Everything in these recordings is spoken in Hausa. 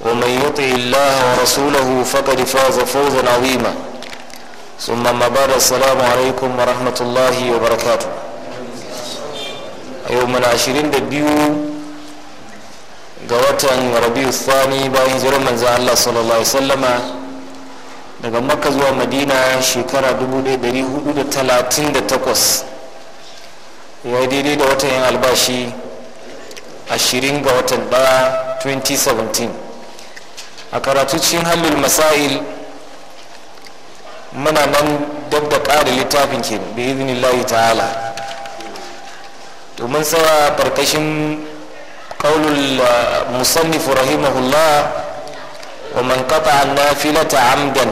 ومن يطع الله ورسوله فقد فاز فوزا عظيما ثم ما بعد السلام عليكم ورحمة الله وبركاته يوم العشرين دبيو قواتن ربيع الثاني باين زر من الله صلى الله عليه وسلم daga makka zuwa madina shekara 1438 ya daidai da watan yin albashi 20 ga watan 1 2017 a karatu cikin halin masail muna nan dab da ƙara littafin ke bi iznillahi ta'ala Domin mun tsaya barkashin kaunin uh, musannif rahimahullah wa man qata'a an-nafilata 'amdan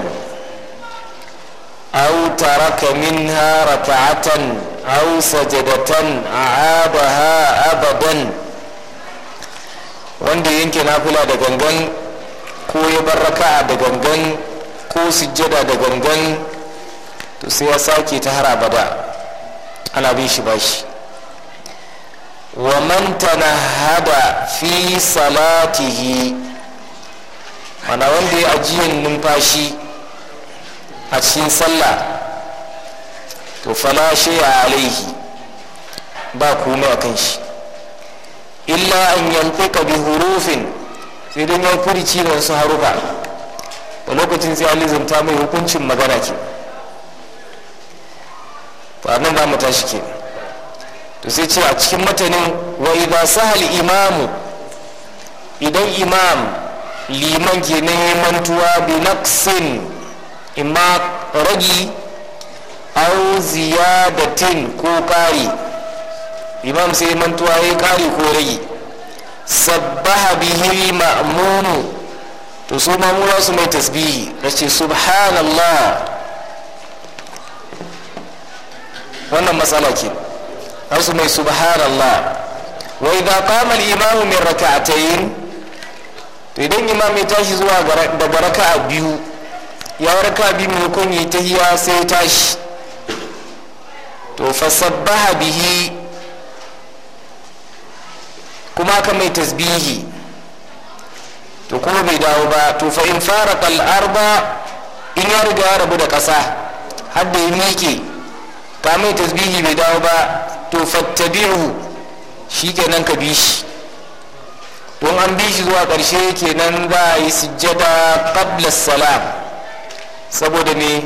aw taraka minha rak'atan aw sajadatan a'abaha abadan wanda yanke nafila da gangan ko ya bar raka'a da gangan ko sujjada da gangan to sai ya sake ta har abada ana bin shi bashi wa man tanahada fi salatihi mana wanda ya ajiyan numfashi a cikin sallah to fala shay'a alaihi ba komai akan shi illa an yantuka bi hurufin sai don ya furici da wasu haruka a lokacin sai alizum ta mai hukuncin magana ke to nan mu tashi ke to sai ce a cikin matanin wai ba sahal imamu idan imam liman ke na mantuwa bi imma ragi au ziyadatin ko kari imam sai mantuwa ya kari ko ragi sabbaha bihi ma'amunu. to su mamura su mai tasbihi da ce subhanallah wannan matsala ke har su mai subhanallah wa idza qama al-imamu min rak'atayn to idan imam ya tashi zuwa daga a biyu ya raka biyu kun yi tahiya sai tashi to fa fasabbaha bihi kuma ka mai tasbihi to kuma bai dawo ba to fa in fara arba in ya riga ya rabu da ƙasa har da ya miƙe ka mai tasbihi bai dawo ba to fattabi'u shi kenan ka bi shi don an bi shi zuwa ƙarshe kenan za a yi sujjada qabla salam saboda ne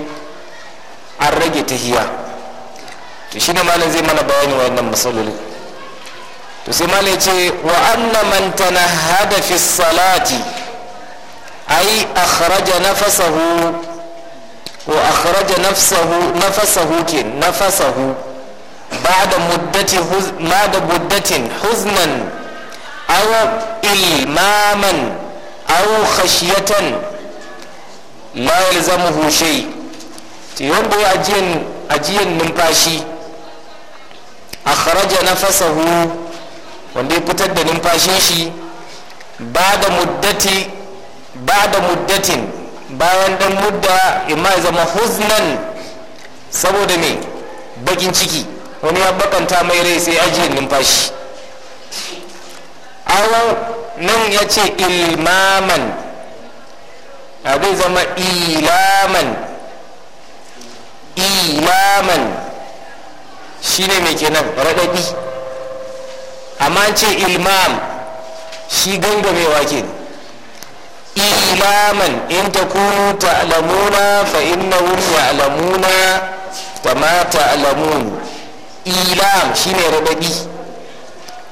an rage tahiya to shi ne malam zai mana bayani wannan matsalolin to sai ce wa anna man tanahada fi salati ai akhraja nafasahu wa akhraja nafsahu nafasahu ke nafasahu ba'da muddati ma muddatin huznan aw ilmaman aw khashyatan la yalzamuhu shay to yanda ajiyan ajiyan numfashi akhraja nafasahu wanda ya fitar da numfashin shi ba da muddati ba da muddatin bayan dan mudda imma zama huznan saboda me bakin ciki wani ya bakanta mai rai sai ajiye numfashi awon nan ya ce ilmaman abin zama ilaman ilaman shine mai kenan raɗaɗi amma ce ilmam shi gangamewa ke ilaman in ta kunu alamuna fa innahum wuri wa ma ta ta'lamun ilam ne raɗaɗi.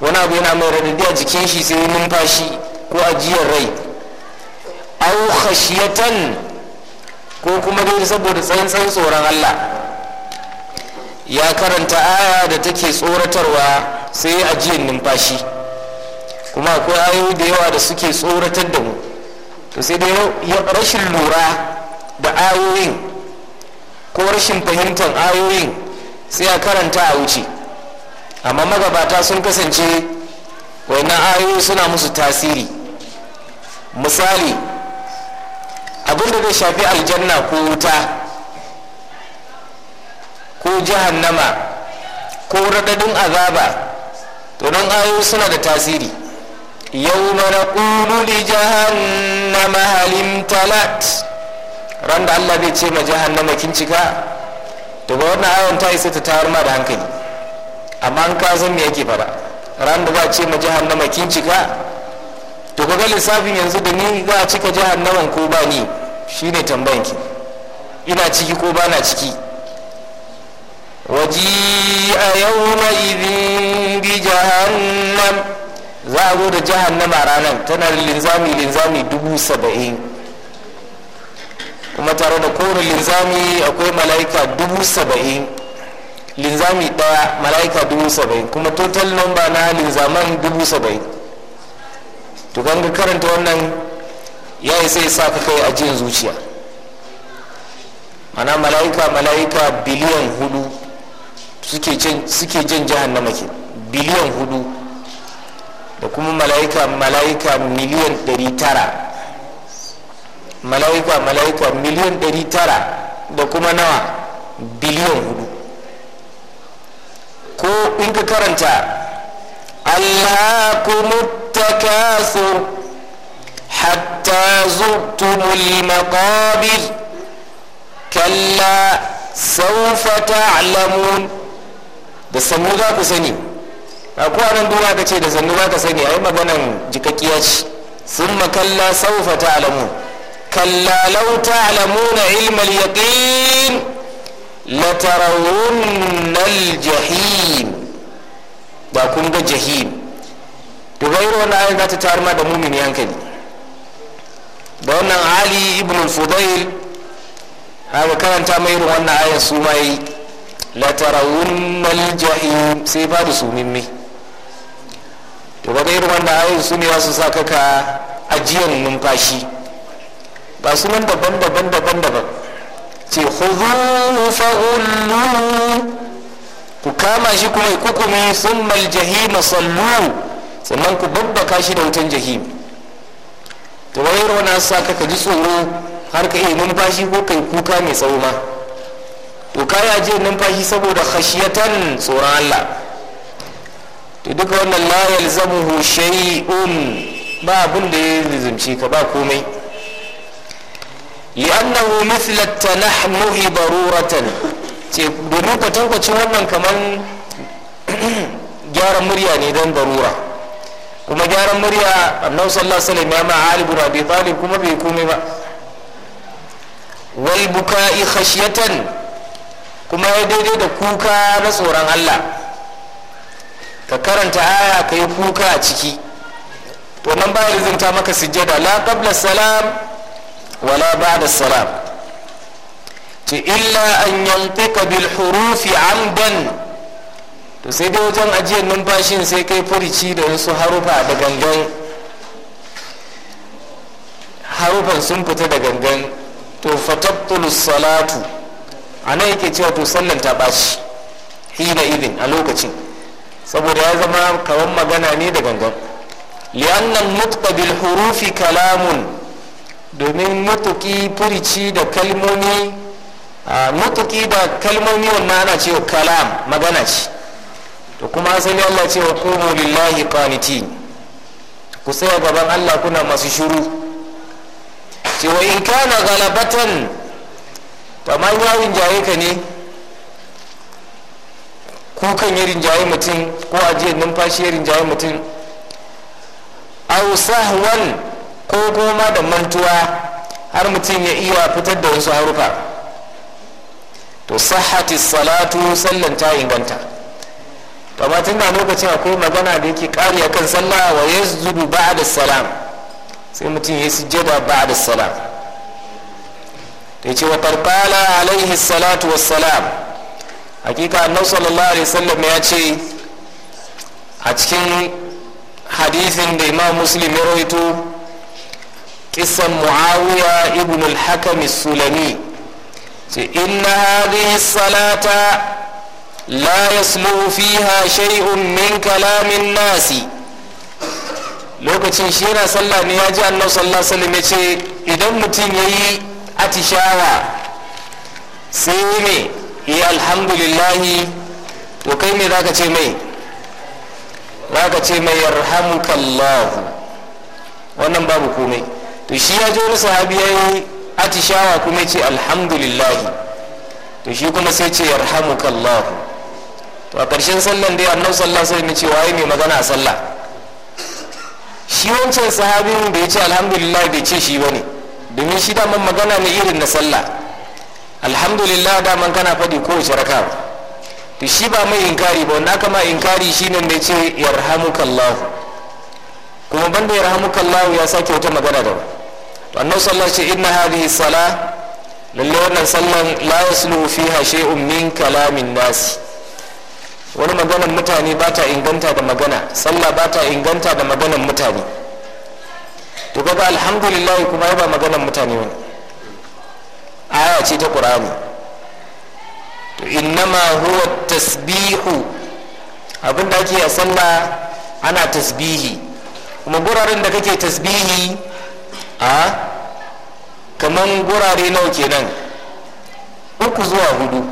wani abu yana mai raɗaɗi a jikin shi sai numfashi ko ajiyar rai au khashiyatan ko kuma dai saboda tsantsan tsoron Allah ya karanta aya da take tsoratarwa sai ya ajiyar numfashi kuma akwai ayoyi da yawa da suke tsoratar da mu to sai dai rashin lura da ayoyin ko rashin fahimtar ayoyin sai a karanta a wuce amma magabata sun kasance wannan ayoyi suna musu tasiri misali abin da zai shafi aljanna ko wuta ko jahannama ko radadin azaba to nan ayoyi suna da tasiri yau mana ƙulu li jahannama halim talat ran da allah bai ce ma jahannama kin cika to ba wannan ayon ta isa ta tawar ma da hankali amma an ka san me yake fara ran da ba ce ma jahannama kin cika to ga lissafin yanzu da ni za a cika jahannaman ko ba ni shine tambayan ki ina ciki ko ba na ciki وجيء يومئذ بجهنم za a zo da a ranar tana linzami linzami dubu saba'in kuma tare da kowane linzami akwai mala'ika dubu saba'in linzami daya mala'ika dubu saba'in kuma total number na linzaman dubu saba'in to kan karanta wannan ya yi sai sa ka kai a jin zuciya mana mala'ika mala'ika biliyan hudu suke jan jahannama ke biliyan hudu da kuma mala'ika mala'ika miliyan ɗari tara mala'ika mala'ika miliyan dari tara da kuma nawa biliyan hudu ko in ka karanta alhakumut takasur hatta zurtumul maqabir kalla sawfa ta'lamun da sannu za ku sani a kwanan duwa ka ce da sannu za ka sani a yi maganan jikakkiya ce sun makalla saufa ta alamu kalla ta alamu na ilmal yaƙin latarawunnal jahim da kun ga jahim to bai ruwan ayin za ta tarar ma da mumin yankali da wannan ali ibn fudail haka karanta mai ruwan ayin su mai latarawunnal jahim sai babu sumimme to ba gairu wanda ayoyin su ne za su saka ka ajiyar numfashi ba su nan daban daban daban daban ce huzu fa'ulu ku kama shi kuma kukumi summa aljahim sallu sannan ku babbaka shi da wutan jahim to ba gairu wanda za su saka ka ji tsoro har ka iya numfashi ko kai kuka mai tsawo ma to kai aje numfashi saboda khashiyatan tsoron Allah to duka wannan la yalzamuhu shay'un ba abin da ya lizumci ka ba komai li'annahu mithla tanahmuhi daruratan ce domin kwatankwacin wannan kaman gyaran murya ne don darura kuma gyaran murya annabi sallallahu alaihi wasallam ya ma alibu rabi talib kuma bai komai ba wal buka'i khashyatan kuma ya daidai da kuka na tsoron Allah ka karanta aya ka yi kuka a ciki to nan ba rizinta maka sujjada la qabla salam la ba'da salam ce illa an yantika bil hurufi amdan to sai dai wajen ajiyar numfashin sai kai furici da wasu harufa da gangan harufan sun fita da gangan to fatattulus salatu a nan yake cewa to sallan ta bashi hina idin a lokacin saboda ya zama kamar magana ne da gangan li'annan nutqa bil hurufi kalamun domin mutuki furici da kalmomi mutuki da kalmomi wanda ana cewa kalam magana ce to kuma asali Allah ce wa kuma lillahi kwaniti ku tsaya gaban Allah kuna masu shiru cewa in kana galabatan kamar amma rinjaye ka ne kukan ya rinjaye mutum ko ajiyar numfashi ya rinjaye mutum au sahwan ko koma da mantuwa har mutum ya iya fitar da wasu harufa to sahati salatu sallan ta inganta to tun da lokacin akwai magana da yake kariya akan sallah wa ba'a da salam sai mutum ya sujjada da salam ta ce wa tarkala alaihi salatu wassalam hakika annabi sallallahu alaihi wasallam ya ce a cikin hadisin da imam muslim ya rawaito kisan muawiya ibn al-hakam sulami ce inna hadhihi salata la yaslu fiha shay'un min kalamin nasi lokacin shi yana sallah ne ya ji annabi sallallahu alaihi wasallam ya ce idan mutum yayi atishawa sai yi ne ya eh, alhamdulillahi to kai ne za ka ce mai za ka ce mai yarhamukallahu wannan babu komai to shi ya ji wani sahabi ya yi atishawa kuma ce alhamdulillahi to shi kuma sai ce yarhamukallahu to a ƙarshen sallan dai annabi sallallahu sai wasallam ce yi mai magana a sallah shi wancan sahabin bai ce alhamdulillah bai ce shi ba ne domin shi daman magana ne irin na sallah alhamdulillah daman kana faɗi kowace raka to shi ba mai inkari ba wanda kama inkari ne mai ce yarhamukallahu kuma banda yarhamukallahu ya sake wata magana da to annabi sallar ce inna hadhihi sala lalle wannan sallan la yasluhu fiha shay'un min kalamin nas wani maganar mutane ba ta inganta da magana sallah ba ta inganta da maganar mutane to gaba alhamdulillah kuma ba maganar mutane wani aya ce ta qur'ani to innama huwa tasbihu da ake a sallah ana tasbihi kuma guraren da kake tasbihi a kaman gurare nawa kenan uku zuwa hudu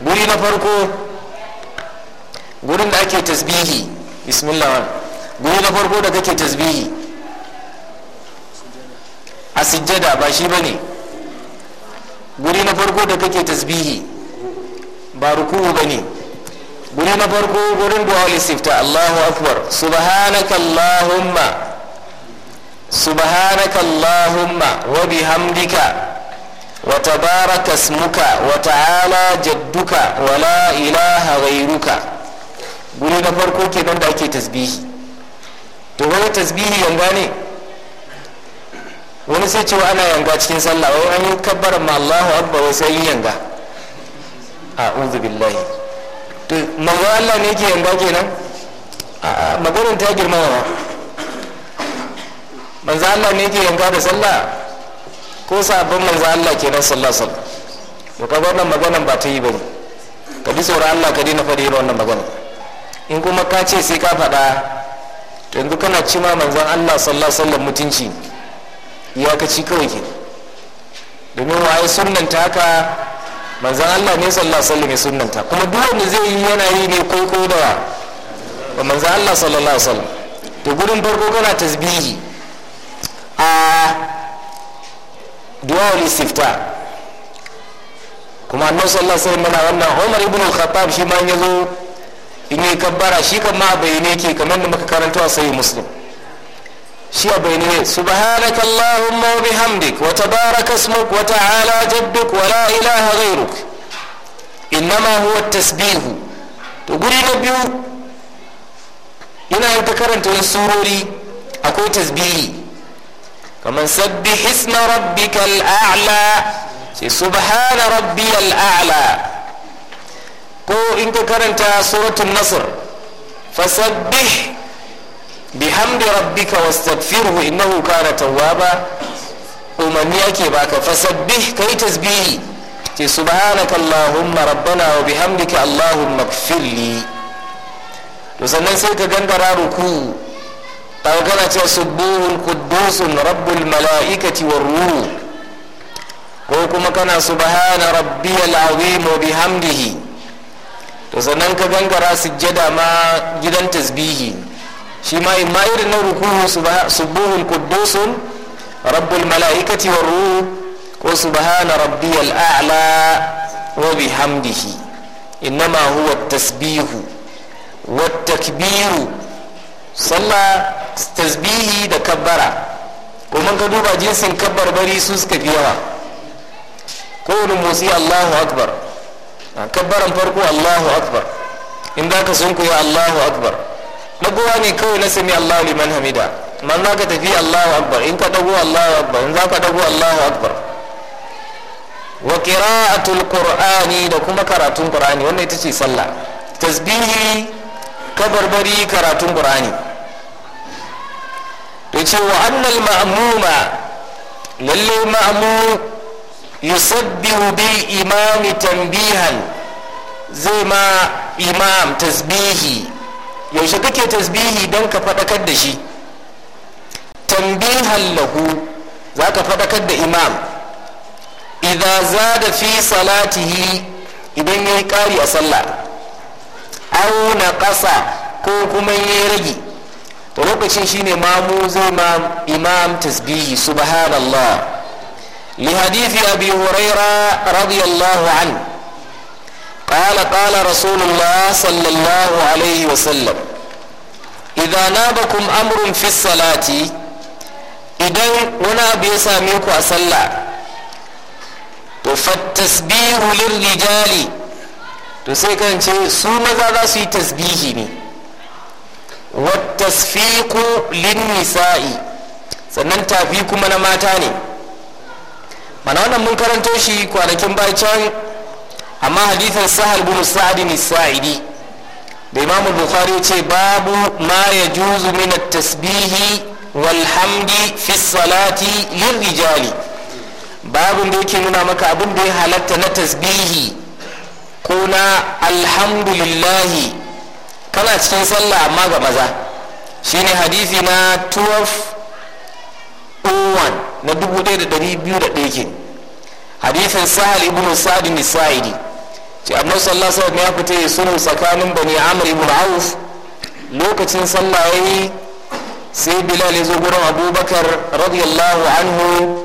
guri na farko gurin da ake tasbihi bismillah guri na farko da kake tasbihi a sujjada ba shi bane guri na farko da kake tasbihi ba ruku'u bane guri na farko gurin du'a istifta Allahu akbar subhanaka allahumma subhanaka allahumma wa bihamdika wa tabaraka ismuka wa ta'ala jadduka wa la ilaha ghayruka guri na farko kenan da ake tasbihi to wani tasbihi yanga ne wani sai cewa ana yanga cikin sallah wai an yi kabbar ma Allahu akbar wai sai yanga unzu billahi to manzo Allah ne yake yanga kenan a'a maganin ta girma wa? manzo Allah ne yake yanga da sallah ko sabon manzo Allah kenan sallah sallah to kaga wannan maganar ba ta yi bane ka bi tsoron Allah ka daina fadi wannan maganar in kuma ka ce sai ka faɗa to yanzu kana cima manzon Allah sallallahu alaihi wasallam mutunci iyakaci kawai ke domin waye sunanta haka manzan Allah ne sallallahu alaihi wasallam ya sunnanta kuma duk wanda zai yi yana yi ne ko da wa manzan Allah sallallahu alaihi wasallam to gurin farko kana tasbihi a du'a ul istifta kuma annabi sallallahu alaihi wasallam wannan Umar ibn al-Khattab shi ma yazo in yi kabbara shi kan ma bayyane ke kamar da muka karanta a sahih muslim شيء بيني سبحانك اللهم وبحمدك وتبارك اسمك وتعالى جدك ولا إله غيرك إنما هو التسبيح تقول ربي هنا أنت كرنت السروري أكو تسبيحي كمن سبح اسم ربك الأعلى سبحان ربي الأعلى كو إنك كرنت سورة النصر فسبح bihamdi rabbika wastaghfirhu innahu kana tawwaba umarni ake baka fasabbih kai tasbihi ce subhanaka allahumma rabbana wa bihamdika allahumma ighfirli to sannan sai ka gangara ruku ta kana ce subuhun quddusun rabbul malaikati war ruh ko kuma kana subhana rabbiyal azim wa bihamdihi to sannan ka gangara sujjada ma gidan tasbihi shi ma in irin na rukuhu subuhul quddusun rabbul mala'ikati war ruh ko subhana rabbiyal a'la wa bihamdihi innama huwa tasbihu wat takbiru sallah tasbihi da kabbara kuma ka duba jinsin bari su suka fi yawa kowane motsi allahu akbar a kabbaran farko allahu akbar in za ka sun kuwa allahu akbar dagowa ne kawai na sami Allahu liman hamida man za ka tafi Allahu akbar in ka dago Allahu akbar in za ka dago Allahu akbar wa qira'atul qur'ani da kuma karatun qur'ani wannan ita ce sallah tasbihi kabarbari karatun qur'ani to ce wa annal ma'muma lalle ma'mum yusabbihu bil imami tanbihan zai ma imam tasbihi yaushe kake tasbihi don ka faɗakar da shi tambihan lahu za ka faɗakar da imam idan za da fi salatihi idan ya yi ƙari a sallah Auna ƙasa ko kuma ya rage to lokacin shine mamu zai ma imam tasbihi subhanallah li hadithi abi huraira radiyallahu anhu قال قال رسول الله صلى الله عليه وسلم إذا نابكم أمر في الصلاة إذا ونا بيساميك أصلى فالتسبيح للرجال تسيكن شيء سوما ذا سي تسبيحني والتسفيق للنساء sannan tafi kuma na mata ne mana wannan mun karanto shi kwanakin bayan amma hadithin sahal bin sa'ad ne sa'idi da imam bukhari ce babu ma yajuzu min at-tasbihi wal hamdi fi salati lirrijali babun da yake nuna maka abin da ya halatta na tasbihi ko na alhamdulillahi kana cikin sallah amma ga maza shine hadisi na 1201 na 1201 ke hadisin sahal ibn sa'd nisa'idi ce annabi sallah alaihi ya fita ya sulhu tsakanin bani amr ibn auf lokacin sallah yi sai bilal ya zo gurin abubakar radiyallahu anhu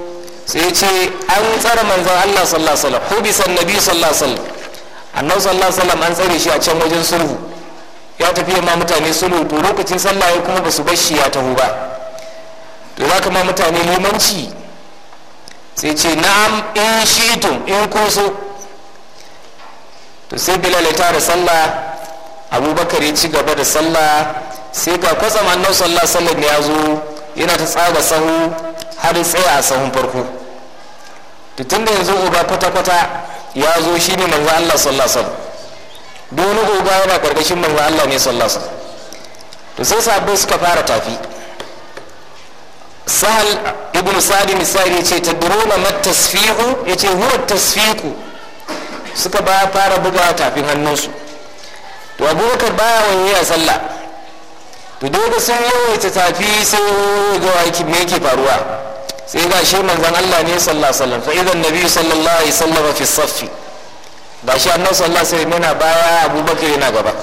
sai ce an tsara manzan allah sallallahu alaihi wasallam hubisan nabi sallallahu alaihi wasallam annabi sallallahu alaihi wasallam an tsare shi a can wajen sulhu ya tafi ma mutane sulhu to lokacin sallah ya kuma basu bar shi ya taho ba to za ka ma mutane limanci sai ce na'am in tun in kun so sai bilal ya tara sallah abubakar ya ci gaba da sallah sai ga kwatsam annabi sallah sallah ne ya zo yana ta tsara sahu har tsaya a sahun farko to tunda yanzu uba kwata-kwata ya zo shi ne manzo allah sallah sallah dole uba yana ƙarƙashin manzo allah ne sallah sallah sai sabbin suka fara tafi sahal ibn sadi misali ce tadruna mat ya ce huwa tasfiku suka ba fara buga tafin hannunsu to abubakar baya wani a sallah to dole sun yawaita tafi sai ga me yake faruwa sai ga shi manzon Allah ne sallallahu alaihi wasallam fa idan nabi sallallahu alaihi wasallam fi saffi ga shi annabi sallallahu alaihi wasallam yana baya abubakar yana gaba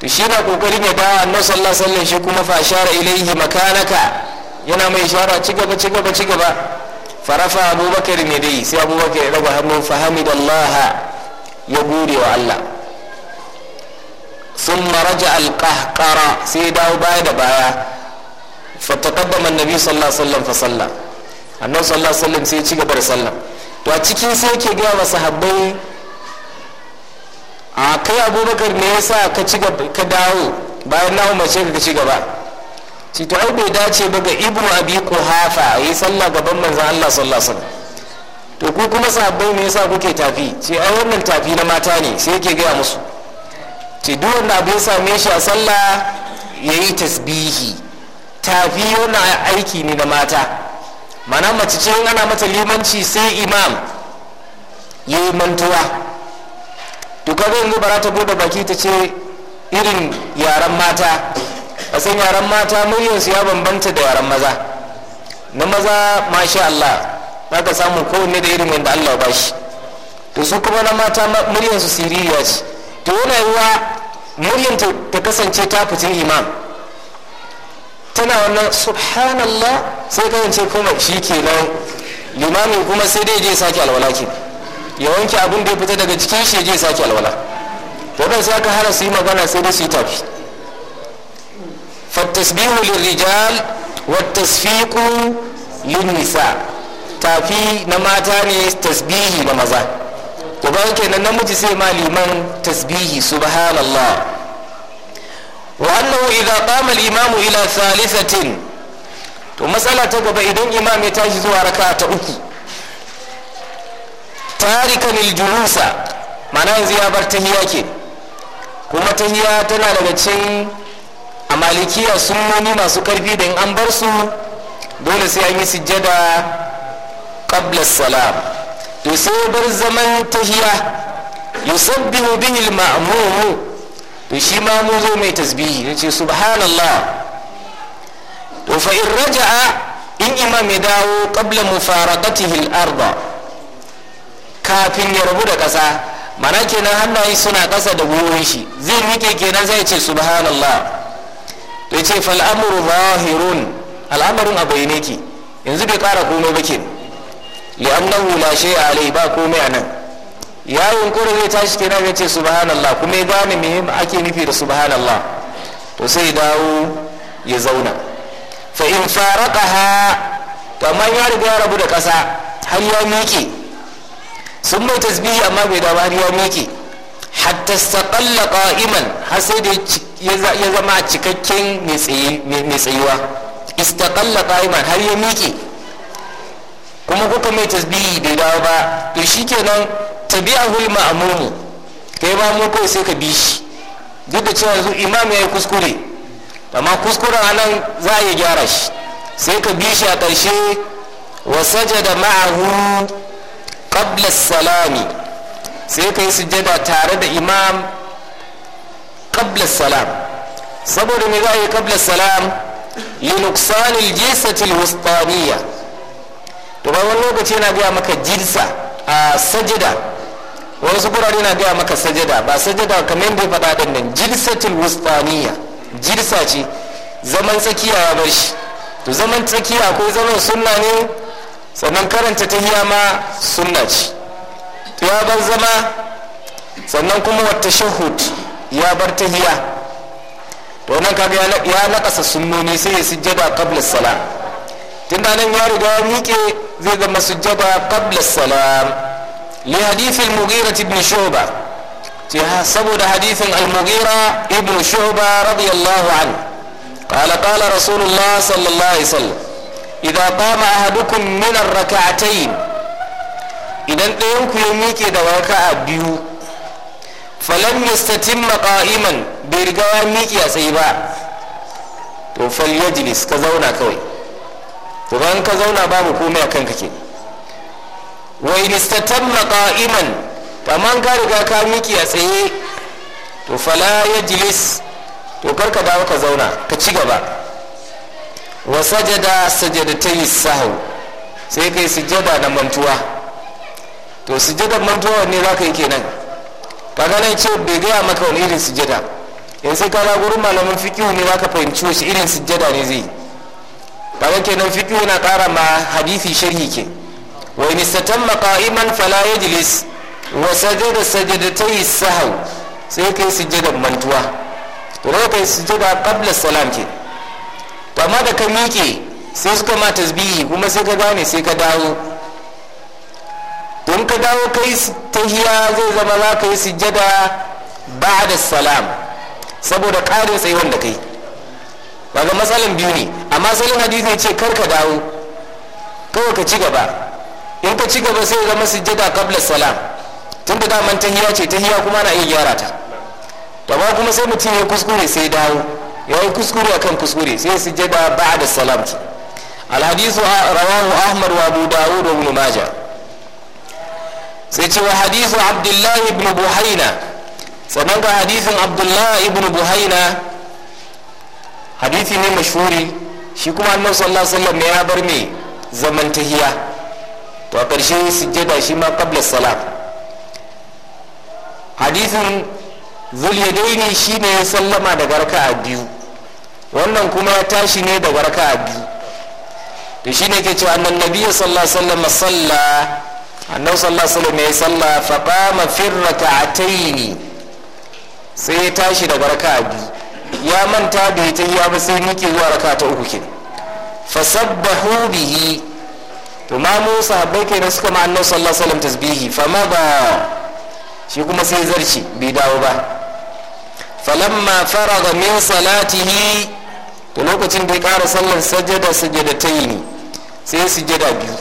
to shi na kokarin ya dawo annabi sallallahu alaihi wasallam shi kuma fa shara ilaihi makanaka yana mai shara ci gaba ci gaba ci gaba farafa abubakar ne dai sai abubakar ya raba hannun fahamid Allah ya gode wa Allah sun maraja alƙahƙara sai ya dawo baya da baya fatakaddama annabi sallallahu alaihi wasallam fa sallah annabi sallallahu alaihi sai ya ci gaba da sallah to a cikin sai ke gaya wa sahabbai a kai abubakar ne yasa ka ci ka dawo bayan na umarce ka ci gaba cito ai bai dace ba ga ibnu abi kuhafa yi sallah gaban manzon Allah sallallahu alaihi wasallam to ku kuma sahabbai me yasa kuke tafi ce ai wannan tafi na mata ne sai yake gaya musu ce duk wanda abu ya same shi a sallah yayi tasbihi tafi wannan aiki ne na mata mana mace ce ana mata limanci sai imam yayi mantuwa to kaga yanzu bara ta bude baki ta ce irin yaren mata a san yaran mata su ya bambanta da yaran maza na maza masha Allah za ka samu kowanne da irin wanda Allah ba shi to su kuma na mata su siririya ce to yana yiwa muryar ta kasance ta fitin imam tana wannan subhanallah sai kasance kuma shi ke nan limamin kuma sai dai je sake alwala ke ya wanke abin da ya fita daga cikin shi ya je sake alwala sai aka hana su yi magana sai dai su yi tafi فالتسبيح للرجال والتصفيق للنساء tafi na mata ne tasbihi na maza to ba kenan namiji sai ma liman tasbihi subhanallah wa annahu idza qama al-imam ila thalithatin to matsala ta gaba idan imam ya tashi zuwa raka'a ta uku tarikan al-julusa yanzu ya bar tahiya ke kuma tahiya tana daga cikin a malikiya sunnoni masu karfi da in an bar su dole sai an yi sujjada qabla salam to sai bar zaman tahiya yusabbihu bihi al-ma'mum to shi ma mu zo mai tasbihi yace subhanallah to fa in raja'a in imam ya dawo qabla mufaraqatihi al-ardh kafin ya rabu da kasa mana kenan hannaye suna kasa da burin shi zai miƙe kenan zai ce subhanallah to ce fal'amuru amru zahirun al'amarin a bayyane ki yanzu bai kara komai ba ke li'annahu la a alai ba komai anan yawon kore zai tashi kenan ya ce subhanallah kuma ya gane me ake nufi da subhanallah to sai dawo ya zauna fa in ha kamar ya riga ya rabu da kasa har ya miƙe sun mai tasbihi amma bai dawo har ya miƙe hatta saƙalla ƙa'iman har sai da ya zama a cikakken mai tsayuwa istaƙalla ƙa'iman har ya miƙe kuma kuka mai tasbihi bai dawo ba to shi kenan tabi'ahul ka kai ma mu kawai sai ka bi shi duk da cewa yanzu imam ya yi kuskure amma kuskuren anan za a yi gyara shi sai ka bi shi a ƙarshe wa sajada ma'ahu qabla salami sai ka yi sujjada tare da imam qabla salam saboda me za a yi qabla salam linuqsanil jisatil wustaniya to ba wani lokaci yana gaya maka jirsa a sajida wasu gurare na gaya maka sajada ba sajada kamar yadda ya faɗa ɗin nan jirsatul wustaniya jirsa ce zaman tsakiya ya bar shi to zaman tsakiya ko zaman sunna ne sannan karanta ta ma sunna ce ya bar zama sannan kuma wata shahud ya bar hiya to nan kaga ya nakasa sunnoni sai ya sujjada qabla salam tun da nan ya riga ya miƙe zai zama sujjada qabla salam li hadith al-mughira ibn shu'ba saboda hadithin al-mughira ibn shu'ba radiyallahu anhu قال قال رسول الله صلى الله عليه وسلم إذا قام أحدكم من الركعتين idan ɗayan ku ya miƙe da a biyu falon mistatin maƙa'iman bai riga ya miƙe a tsaye ba to fal yajlis ka zauna kawai to ban ka zauna babu komai a kanka ke wa mistatin maƙa'iman qa'iman amma ka riga ka miƙe a tsaye to fala yajlis to karka dawo ka zauna ka ci gaba wa sajada sajadatai sahu sai kai sujada na mantuwa to sujadar mantuwa ne za ka yi kenan Ka nan ce bai gaya maka wani irin sujada in sai kaga gurin malamin fikihu ne za ka fahimci wasu irin sujada ne zai ga kenan fikihu na kara ma hadisi sharhi ke wa in istatamma qa'iman fala yajlis wa sajada sajadatai sahau sai kai sujadar mantuwa to ne kai sujada qabla salam ke to amma da ka miƙe sai suka ma tasbihi kuma sai ka gane sai ka dawo tun ka dawo kai yi tahiya zai zama za ka yi sujjada ba da salam saboda ƙarin sai wanda kai daga matsalan biyu ne amma salin hadisi ce kar ka dawo kawai ka ci gaba in ka ci gaba sai zama sujjada kabla salam tun da daman tahiya ce tahiya kuma na iya gyara ta amma kuma sai mutum ya kuskure sai dawo ya yi kuskure akan kuskure sai sujjada ba da salam alhadisu rawahu ahmad wa abu dawud wa ibn majah sai ce wa hadithu abdullahi ibn buhaina sannan ga hadithin abdullahi ibn buhaina hadithi ne mashuri shi kuma annabi sallallahu alaihi wasallam ne ya bar me zaman tahiya to a ƙarshe sujjada shi ma qabla salat hadithin zulyadaini shi ne ya sallama daga raka'a biyu wannan kuma ya tashi ne daga raka'a biyu to shine ke cewa annabi sallallahu alaihi wasallam salla annabi sallallahu alaihi wasallam ya salla fa qama fi rak'ataini sai ya tashi daga raka'a biyu ya manta da ita ya ba sai nike zuwa raka'a ta uku kin fa sabbahu bihi to ma mu sahabbai da suka ma annabi sallallahu alaihi wasallam tasbihi fa ma ba shi kuma sai zarci bai dawo ba falamma faraga min salatihi to lokacin da ya kara sallar sajada sajadatai sai sujada biyu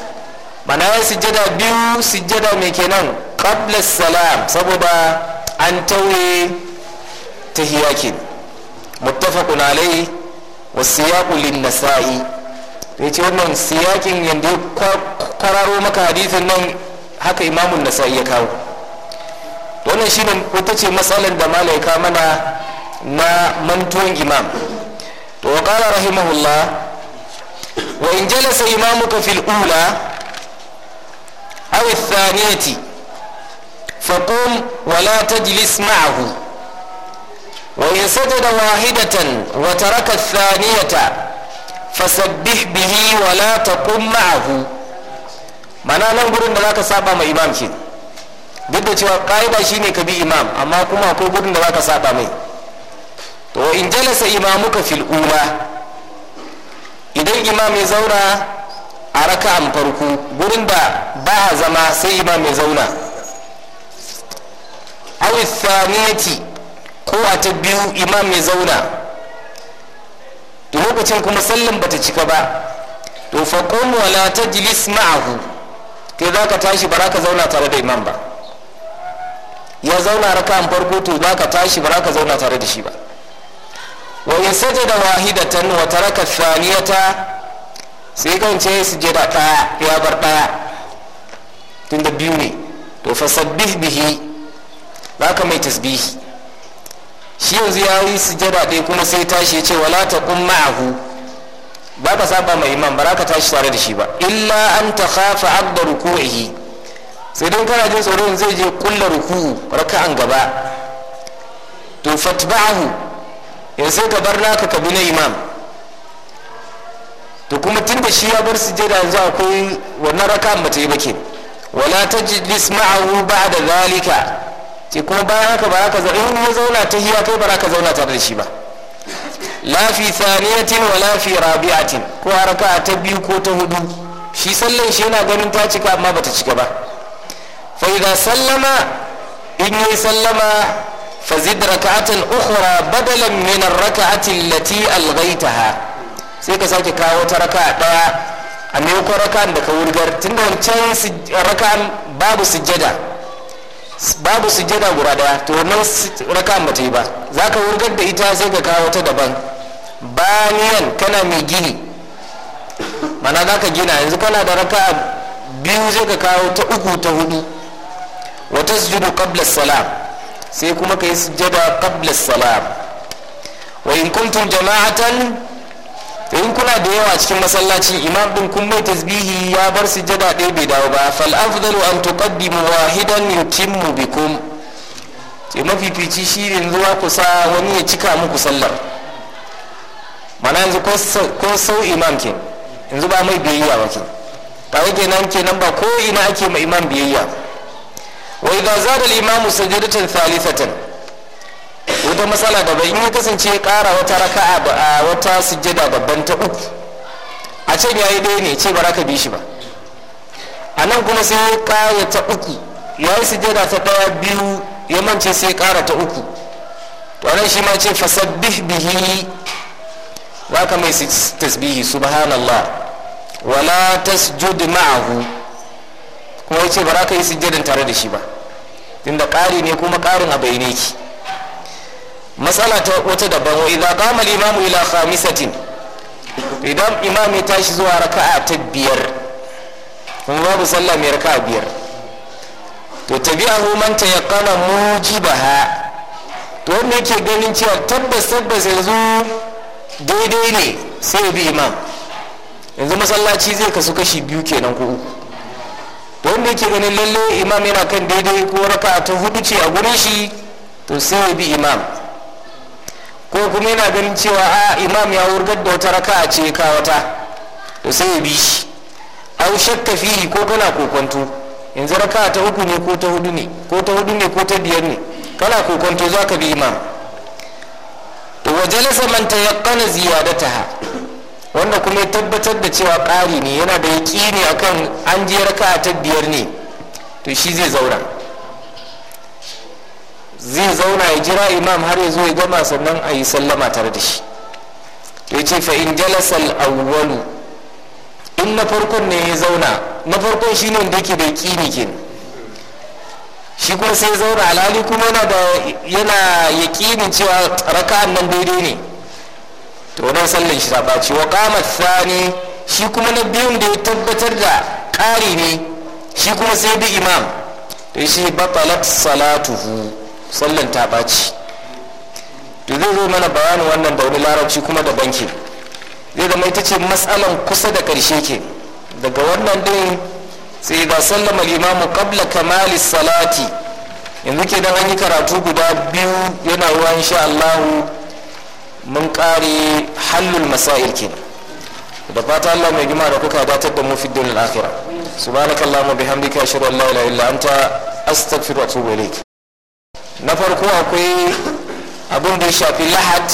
mana ya sujjada biyu sujjada mai kenan qabla salam saboda an tauye tahiyakin muttafaqun alai wa siyaqu lin nasa'i ya ce wannan siyakin yadda ya kararo maka hadithin nan haka imamun nasa'i ya kawo wannan shine wata ce matsalar da malaika mana na mantuwan imam to wa qala rahimahullah wa in jalasa imamuka fil ula أو الثانية فقم ولا تجلس معه وإن سجد واحدة وترك الثانية فسبح به ولا تقم معه mana nan gurin da ka saba ma imam duk da cewa shi shine ka bi imam amma kuma akwai gurin da ka saba mai to in jalasa imamuka fil idan imam ya zaura. a an farko gurin da ba a zama sai imam ya zauna awi thaniyati ko a ta biyu imam ya zauna to lokacin kuma ba bata cika ba to faqum wala tajlis ma'ahu kai zaka tashi ba ka zauna tare da imam ba ya zauna an farko to ka tashi ba ka zauna tare da shi ba wa in sajada wahidatan wa taraka thaniyata sai kawance da ɗaya ya bar ɗaya da biyu ne to sabbih bihi za ka mai tasbihi shi yanzu ya yi da ɗaya kuma sai tashi ya ce wala ta kun ma'ahu ba ka saba mai imam ba za ka tashi tare da shi ba illa an ta kafa abda ruku'ihi sai don kana jin tsoron zai je kulla ruku'u raka'an gaba to fatba'ahu yanzu sai ka bar naka ka bi na imam to kuma tun da shi ya bar sujjada yanzu akwai wannan raka ba ta yi ba ke wala tajlis ma'ahu zalika ce kuma bayan haka ba zauna in ya zauna ta hiya kai ba ka zauna tare da shi ba la fi thaniyatin wala rabi'atin ko raka'a ta biyu ko ta hudu shi sallan shi yana ganin ta cika amma bata cika ba fa idza sallama in yi sallama fa zid raka'atan ukhra badalan min ar-raka'ati allati alghaytaha sai ka sake kawo ta raka daya a maimakon raka da ka wurgar tunda wancan raka babu sujjada babu sujjada guda daya to wannan raka ba ta yi ba za ka wurgar da ita sai ka kawo ta daban bayan kana mai gini mana za ka gina yanzu kana da raka biyu sai ka kawo ta uku ta hudu wata tasjudu qabla salam sai kuma ka yi sujjada qabla salam wa in kuntum jama'atan to in kuna da yawa cikin masallaci imam din kun mai tasbihi ya bar sujjada ɗaya bai dawo ba fal afdalu an tuqaddimu wahidan yutimmu bikum to mafifici shi ne zuwa kusa wani ya cika muku sallar mana yanzu ko sau imam ke yanzu ba mai biyayya ba ke ba yake nan ke nan ba ko ina ake ma imam biyayya wa idza zada al-imamu sajdatan thalithatan wata matsala da in ya kasance ya kara wata raka'a a wata sujjada babban ta uku a can ya yi daya ne ce ba raka bi shi ba a nan kuma sai ya kara ta uku ya yi sujjada ta daya biyu ya mance sai ya kara ta uku to nan shi ma ce fasabbih bihi ba ka mai tasbihi subhanallah wala tasjud ma'ahu kuma ya ce ba za ka yi sujjadan tare da shi ba tunda ƙari ne kuma ƙarin a bayyane ki matsala ta wata daban wa idan kama limamu ila khamisatin idan imam ya tashi zuwa raka'a ta biyar kuma babu sallah mai raka'a biyar to tabi'ahu man tayaqqana mujibaha to wanda yake ganin cewa tabbas tabbas yanzu daidai ne sai ya bi imam yanzu masallaci zai kasu kashi biyu kenan ko to wanda yake ganin lalle imam yana kan daidai ko raka'a ta hudu ce a gurin shi to sai ya bi imam ko kuma yana ganin cewa a imam ya wurgar da wata a ce ka wata to sai ya bi shi au shakka fihi ko kana kokonto yanzu raka ta uku ne ko ta hudu ne ko ta hudu ne ko ta biyar ne kana kokonto za ka bi imam to wa jalasa man tayaqqana ziyadataha wanda kuma ya tabbatar da cewa ƙari ne yana da yaƙini akan an je raka ta biyar ne to shi zai zauna zai zauna ya jira imam har ya zo ya gama sannan a yi sallama tare da shi ya ce fa in jalasal awwalu in na farkon ne ya zauna na farkon shi ne da ke da kinikin. shi kuma sai zauna alhali kuma yana da yana yaƙinin cewa raka'an nan daidai ne to wannan sallan shi ta baci wa qamat thani shi kuma na biyun da ya tabbatar da ƙari ne shi kuma sai bi imam to shi batalat salatuhu sallan ta ɓaci to zai zo mana bayanin wannan da wani larabci kuma da banki zai zama ita ce matsalan kusa da karshe ke daga wannan din sai ga sallama limamu kabla kamali salati yanzu ke dan an yi karatu guda biyu yana ruwa insha Allah mun kare hallul masail ke da fata Allah mai gima da kuka datar da mu fi dunin akhira subhanakallahumma bihamdika ashhadu an la ilaha illa anta astaghfiruka wa atubu ilayk na farko akwai abin da ya shafi lahad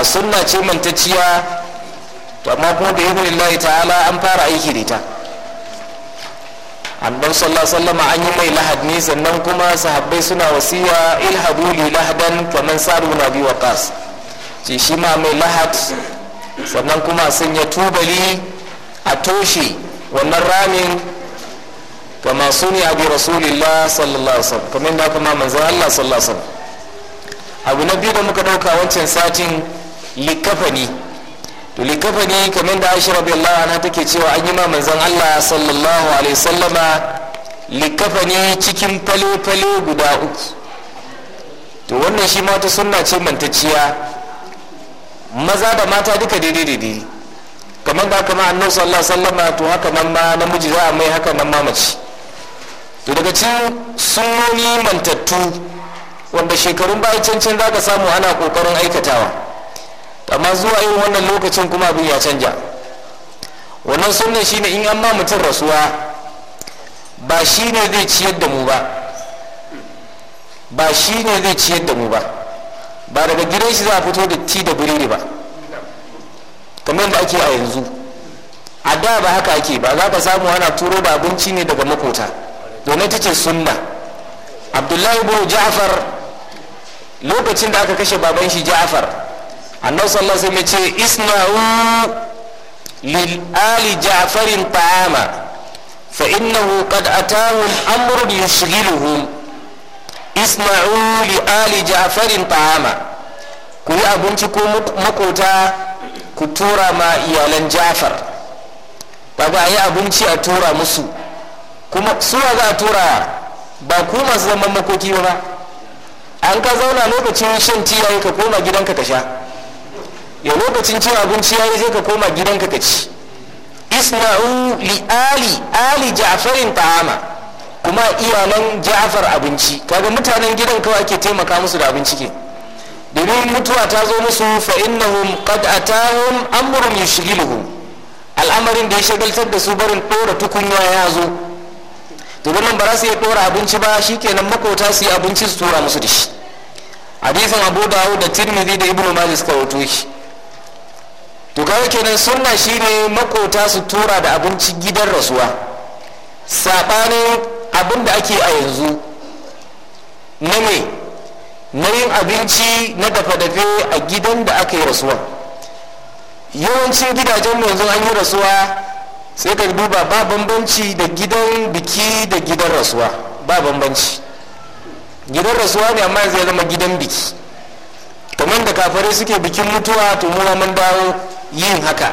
a sunna ce mantacciya to amma kuma da yamin ta'ala an fara aiki da ita annabi sallallahu sallama an yi mai lahad ne sannan kuma sahabbai suna wasiya ilhabu li lahadan kaman saru na biyu waqas ce shi ma mai lahad sannan kuma sun ya tubali a toshe wannan ramin wa ma suniya bi rasulillah sallallahu alaihi wasallam kamar da kuma manzon Allah sallallahu alaihi wasallam abu na biyu da muka dauka wancan satin likafani to likafani kamar da Aisha radiyallahu anha take cewa an yi ma manzon Allah sallallahu alaihi wasallama likafani cikin fale-fale guda uku to wannan shi ma ta sunna ce mantacciya maza da mata duka daidai daidai kamar da kama annabi sallallahu alaihi wasallama to haka nan ma namiji za a mai haka nan mace. to daga cikin sunoni mantattu wanda shekarun baya cancan za ka samu ana kokarin aikatawa amma zuwa yin wannan lokacin kuma abin ya canja wannan sunan shi ne in an ma mutum rasuwa ba ne zai ciyar da mu ba ba ne zai ciyar da mu ba ba daga gidan shi za a fito da ti da biriri ba kamar da ake a yanzu a da ba haka ake ba za ka samu ana turo da abinci ne daga makota domin ta ce sunna abdullahi ibn ja'far lokacin da aka kashe baban shi ja'far annabi sallallahu alaihi wasallam ya ce isma'u lil ali ja'farin ta'ama fa innahu qad atahu al-amru yushghiluhum isma'u li ali ja'farin ta'ama ku yi abinci ko makota ku tura ma iyalan ja'far ba ba abinci a tura musu kuma suwa za a tura ba ku masu zaman makoki ba an ka zauna lokacin shan tiya ka koma gidanka ka sha ya lokacin cin abinci ya yi sai ka koma gidanka ka ci isma'u li ali ali ja'farin ta'ama kuma iyalan ja'far abinci kaga mutanen gidan kawai ake taimaka musu da abinci ke domin mutuwa ta zo musu fa innahum qad atahum amrun yushghiluhum al'amarin da ya shagaltar da su barin dora tukunya ya zo domin nan ba za su iya dora abinci ba shi kenan makota su yi abinci su tura musu da shi hadisin abu dawu da tirmidhi da ibnu majah suka rawaito shi to ga kenan sunna shine makota su tura da abinci gidan rasuwa sabanin abin da ake a yanzu na me na yin abinci na dafe-dafe a gidan da aka yi rasuwa yawancin gidajen yanzu an yi rasuwa sai ka duba ba bambanci da gidan biki da gidan rasuwa ba bambanci gidan rasuwa ne amma zai zama gidan biki kamar da kafare suke bikin mutuwa to mu mun dawo yin haka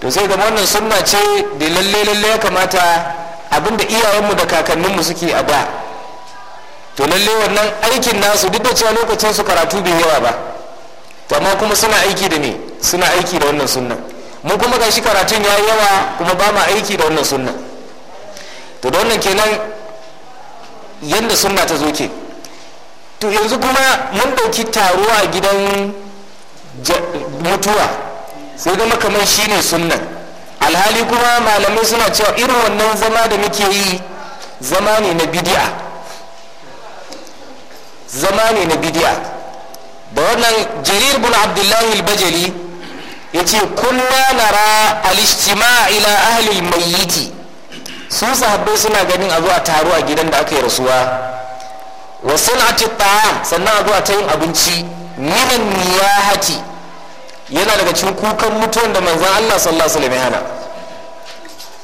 to sai da wannan sunna ce da lalle lalle ya kamata abinda iyayenmu da kakanninmu suke a da to lalle wannan aikin nasu duk da cewa lokacin su karatu bai yawa ba to amma kuma suna aiki da ne suna aiki da wannan sunnan mun kuma gashi karatun ya yi yawa kuma ba ma aiki da wannan sunna to da wannan kenan yadda sunna ta zo ke to yanzu kuma mun ɗauki taruwa a gidan mutuwa sai zama kamar shi ne sunnan alhali kuma malamai suna cewa irin wannan zama da muke yi zama ne na bidiya zama ne na bidiya da wannan jarir bin abdullahi al-bajali yace kunna nara al ila ahalil mayiti mayyit su sahabbai suna ganin a zuwa taro a gidan da aka yi rasuwa wa sun'ati ta'am sannan a zuwa ta yin abinci minan niyahati yana daga cikin kukan mutuwan da manzon Allah sallallahu alaihi hana.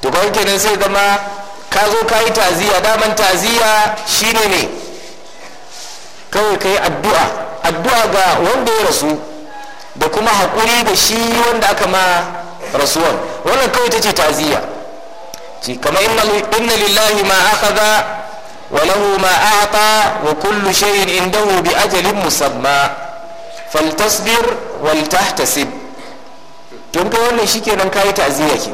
to yake kenan sai zama ka zo ka yi taziya daman taziya shine ne kawai ka yi addu'a addu'a ga wanda ya rasu da kuma hakuri da shi wanda aka ma rasuwan wannan kawai ta ce taziya ce kama inna lillahi ma akhadha wa lahu ma a'ta wa kullu shay'in indahu bi ajalin musamma tasbir wal tahtasib don kai wannan nan kai ta'ziya ke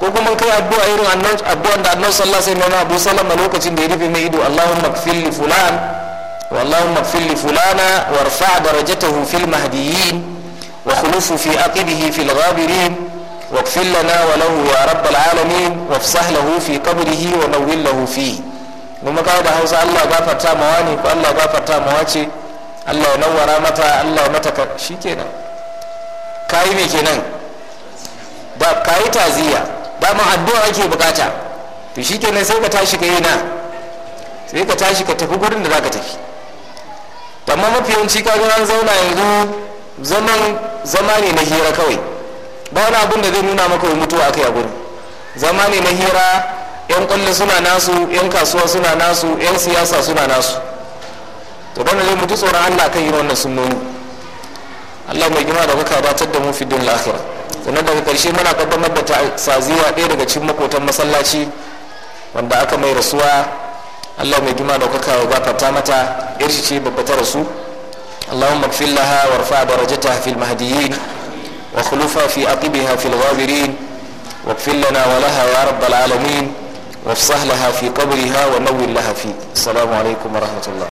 ko kuma kai addu'a irin annabi da annabi sallallahu alaihi wa Abu lokacin da ya rufe mai ido Allahumma kfil fulan واللهم اغفر لفلانا وارفع درجته في المهديين وخلفه في أقبه في الغابرين واغفر لنا وله يا رب العالمين وافصح له في قبره ونور له فيه kuma da hausa allah gafarta mawa ne ko allah gafarta mawa ce allah ya nawara mata allah mata ka shi kenan kayi me kenan da kayi taziya dama addu'a ake bukata to shi kenan sai ka tashi ka yi na ka tashi ka tafi gurin da za ka tafi amma mafi yawanci kaga an zauna yanzu zaman zama ne na hira kawai ba wani abin da zai nuna maka mutuwa aka a gurin zama ne na hira yan kwallo suna nasu yan kasuwa suna nasu yan siyasa suna nasu to bana zai mutu tsoron allah kan yi wannan sunnoni allah mai gina da kuka batar da mu fi din lahira sannan daga karshe muna kaddamar da saziya ɗaya daga cikin makotan masallaci wanda aka mai rasuwa الله مجمع دوكاكا وغاطا تامتا إرشي ببترسو اللهم اغفر لها وارفع درجتها في المهديين وخلفها في أطبها في الغابرين واغفر لنا ولها يا رب العالمين وافصح لها في قبرها ونور لها في السلام عليكم ورحمة الله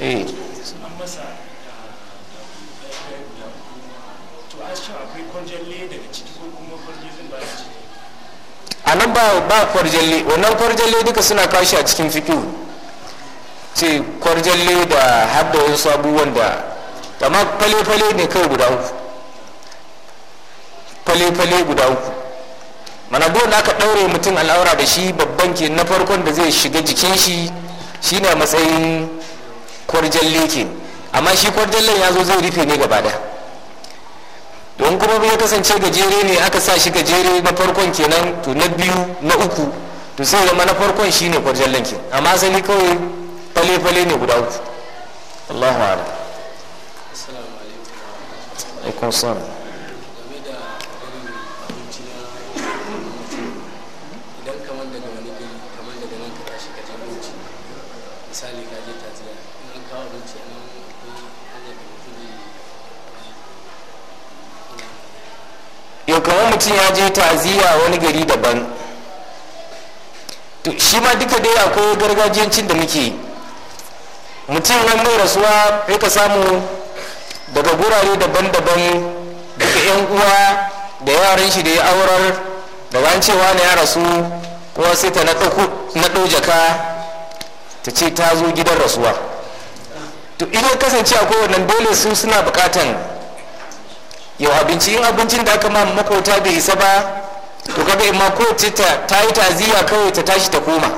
إيه. to ask you a quick question later a nan ba kwarjalle wannan kwarjalle duka suna kashi a cikin fiki ce kwarjalle da habda wasu abubuwan da amma fale-fale ne kai guda uku fale-fale guda uku mana da aka ɗaure mutum al'aura da shi babban ke na farkon da zai shiga jikin shi shi ne a matsayin kwarjalle ke amma shi kwarjallen ya zo zai rufe ne gaba daya don kuma ya kasance gajere ne aka sa shi gajere na farkon kenan to na biyu na uku to sai zama na farkon shi ne kwarjallanki amma sani kawai fale-fale ne guda uku allahu kamar mutum ya je taziya wani gari daban to shi ma duka dai akwai gargajiyancin da muke mutum wani mai rasuwa ya ka samu daga gurare daban-daban duka yan uwa da yaran shi da ya aurar da ban cewa na ya rasu kuma sai ta na jaka ta ce ta zo gidan rasuwa to idan kasance akwai wannan dole su suna bukatan yau abinci yin abincin da aka ma makauta bai isa ba to kaga imma ko ta ta yi taziya kawai ta tashi ta koma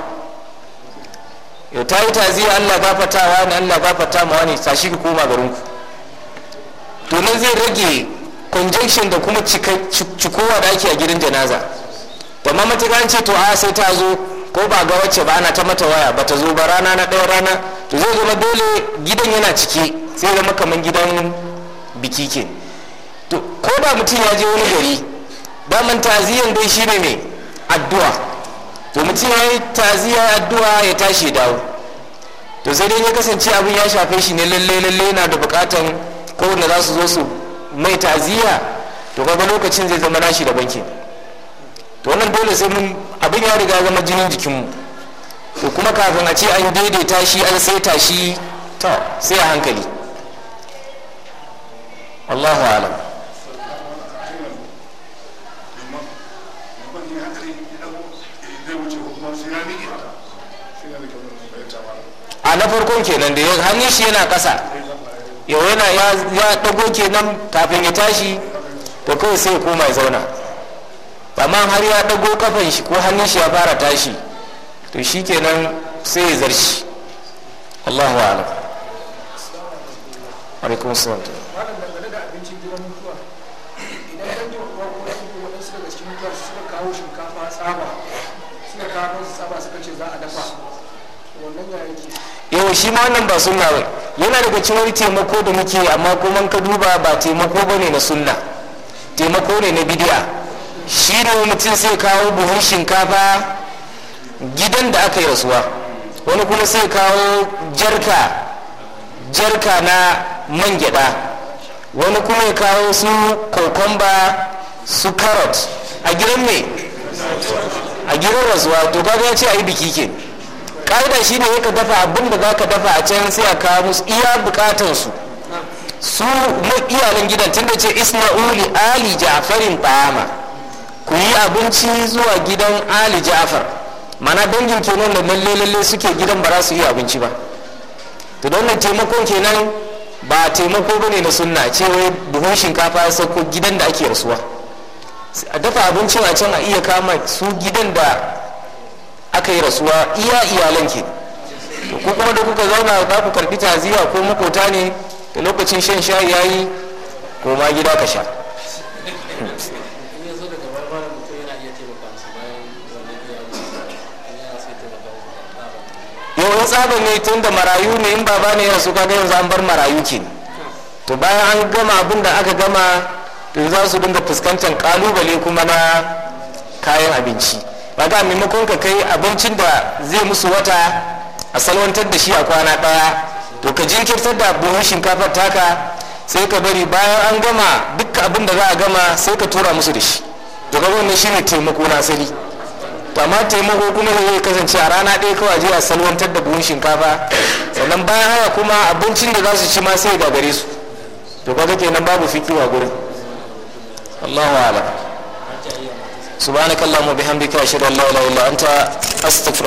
yau ta yi taziya Allah ba wa ne Allah ba fata ma wani tashi ki koma garin ku to nan zai rage conjunction da kuma cikowa da ake a gidan janaza da ma matuƙa ce to a sai ta zo ko ba ga wacce ba ana ta mata waya ba ta zo ba rana na ɗaya rana to zai zama dole gidan yana cike sai zama kamar gidan biki ke to ko ba mutum ya je wani gari daman taziyan dai shi ne mai addu'a to mutum ya yi taziya addu'a ya tashi dawo to sai dai ya kasance abin ya shafe shi ne lalle lalle na da bukatan ko wanda za su zo su mai taziya to kaga lokacin zai zama nashi da banki to wannan dole sai mun abin ya riga zama jinin jikinmu to kuma kafin a ce an daidaita shi an saita shi to sai a hankali Allahu alam a na farkon kenan da yau hannun shi yana kasa yau yana ya dago kenan kafin ya tashi da kawai sai koma ya zauna amma har ya dago kafan shi ko hannun shi ya fara tashi to shi kenan sai ya zarshi allahu alam alaikum to shi ma wannan ba sunna ba yana daga cikin taimako da muke amma kuma ka duba ba taimako ba ne na sunna taimako ne na bidiya shi ne mutum sai kawo buhun shinkafa gidan da aka yi rasuwa wani kuma sai kawo jarka jarka na man gyada wani kuma ya kawo su kokomba su carrot a gidan me a gidan rasuwa to kaga ya ce a yi biki ke ka'ida shi ne ka dafa abin da za ka dafa a can sai a kawo musu iya bukatansu su iyalan gidan tun da ce isma'uli ali ja'farin ta'ama ku yi abinci zuwa gidan ali ja'far mana dangin kenan da lalle lalle suke gidan ba za su yi abinci ba to don nan taimakon kenan ba taimako bane na sunna ce wai buhun shinkafa ya sauko gidan da ake rasuwa a dafa abincin a can a iya kama su gidan da aka yi rasuwa iya iyalan ke ko kuma da kuka zauna za ku karbi taziya ko makota ne da lokacin shan shayi yayi ko ma gida ka sha yau tsaba ne tun da marayu ne in baba ne ya suka ga yanzu an bar marayu ke to bayan an gama abin da aka gama to za su dinga fuskantar kalubale kuma na kayan abinci ba ga maimakon ka kai abincin da zai musu wata a salwantar da shi a kwana ɗaya to ka jinkirtar da buhun shinkafar taka sai ka bari bayan an gama duk abin da za a gama sai ka tura musu da shi to ga wannan shine taimako na sani to amma taimako kuma zai kasance a rana ɗaya kawai je a salwantar da buhun shinkafa sannan bayan haka kuma abincin da za su ci ma sai gagare su to ga kenan babu fikiwa gurin Allahu a'lam سبحانك اللهم وبحمدك أشهد أن لا إله إلا أنت استغفرك